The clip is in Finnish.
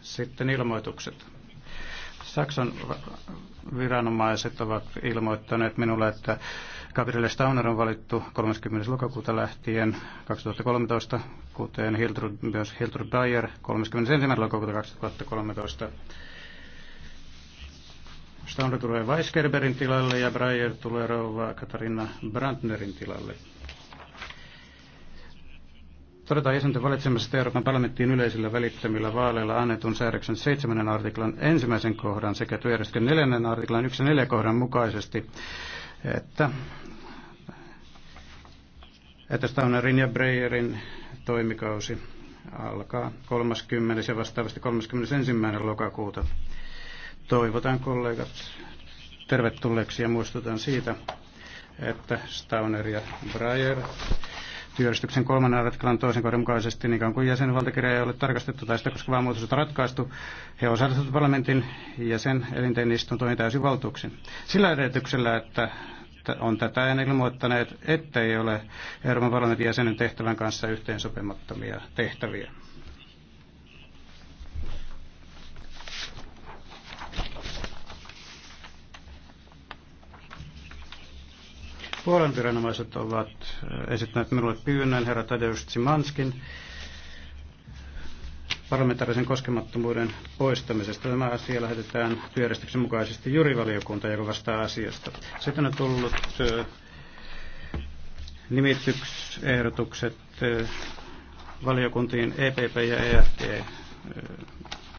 Sitten ilmoitukset. Saksan viranomaiset ovat ilmoittaneet minulle, että Gabriel Stauner on valittu 30. lokakuuta lähtien 2013, kuten Hiltrud, myös Hiltrud Dyer 31. lokakuuta 2013. Stauner tulee Weisgerberin tilalle ja Breyer tulee rouva Katarina Brandnerin tilalle todetaan jäsenten valitsemisesta Euroopan parlamenttiin yleisillä välittämillä vaaleilla annetun säädöksen 7. artiklan ensimmäisen kohdan sekä työjärjestön 4. artiklan 1 4 kohdan mukaisesti, että, että Staunerin ja Breyerin toimikausi alkaa 30. ja vastaavasti 31. lokakuuta. Toivotan kollegat tervetulleeksi ja muistutan siitä, että Stauner ja Breyer työjärjestyksen kolmannen artiklan toisen kohdan mukaisesti, niin kuin jäsenvaltakirja ei ole tarkastettu tai sitä koskevaa muutosta ratkaistu, he osallistuvat parlamentin jäsen elinten istuntoihin täysin valtuuksiin. Sillä edellytyksellä, että on tätä ja ilmoittaneet, ettei ole Euroopan parlamentin jäsenen tehtävän kanssa yhteensopimattomia tehtäviä. Puolan viranomaiset ovat äh, esittäneet minulle pyynnön herra Tadeusz Tsimanskin parlamentaarisen koskemattomuuden poistamisesta. Tämä asia lähetetään työjärjestyksen mukaisesti jurivaliokuntaan, joka vastaa asiasta. Sitten on tullut äh, nimityksehdotukset äh, valiokuntiin EPP ja EFT